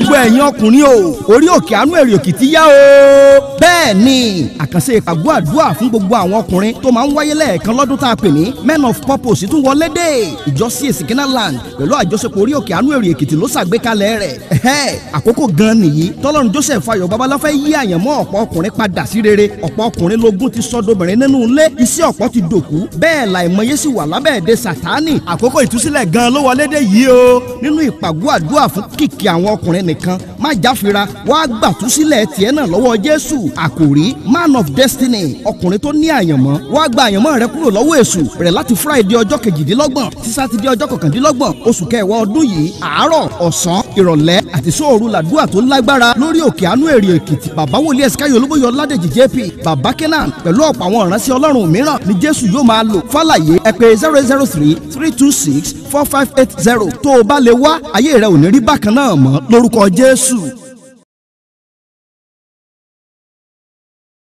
gbogbo ẹ̀yin ọkùnrin o orí òkè àánú èrè òkìtì yá o bẹ́ẹ̀ bẹ́ẹ̀ ni àkànṣe ìpàgọ́ àdúrà fún gbogbo àwọn ọkùnrin tó máa ń wáyé lẹ́ẹ̀kan lọ́dún tá a pè ní men of purpose tún wọlé dé ìjọ CAC Canal Land pẹ̀lú àjọṣepọ̀ orí òkè àánú èrè èkìtì ló ṣàgbékalẹ̀ rẹ̀ ẹ̀hẹ́ àkókò gan nìyí tọ́lọ́run Joseph Ayọ̀ Babalá fẹ́ yí àyànmọ́ ọ̀pọ̀ ọkùnrin padà sí rere ọ̀pọ̀ ọkùnrin lógún ti sọdobìnrin nínú ilé iṣẹ́ ọ̀pọ̀ ti dòkú bẹ́ẹ̀ làìmọye sì wà lábẹ́ èdè sátánì àkókò ìtúsílẹ̀ gan ló wọlé dé yìí o nínú ìpàgọ́ àdúrà fún kìkì àwọn ọkùnrin nìkan má jáfira wàá gbàtúsílẹ̀ tiẹ̀ náà lọ́wọ́ Jésù àk àkòrí man of destiny ọkùnrin tó ní àyànmọ́ wá gba àyànmọ́ rẹ kúrò lọ́wọ́ èṣù bẹ̀rẹ̀ láti friday ọjọ́ kejìdínlọ́gbọ̀n sí sátidé ọjọ́ kọkàndínlọ́gbọ̀n oṣù kẹwàá ọdún yìí àárọ̀ ọ̀sán ìrọ̀lẹ́ àti sóòru làdúrà tó lágbára lórí òkè àánú èrè èkìtì bàbá wòlíì ẹ̀sìkáyọ̀ olúbóyọ̀ ládèjì jp bàbá kenan pẹ̀lú ọ̀pọ̀ àwọn ìránṣẹ́ ọlọ́run mìíràn ni jésù yóò máa lò fàlàyé ẹ pè zero zero three three two six four five eight zero tó o bá lè wá ayé rẹ ò ní rí bákan náà mọ́ lórúkọ jésù.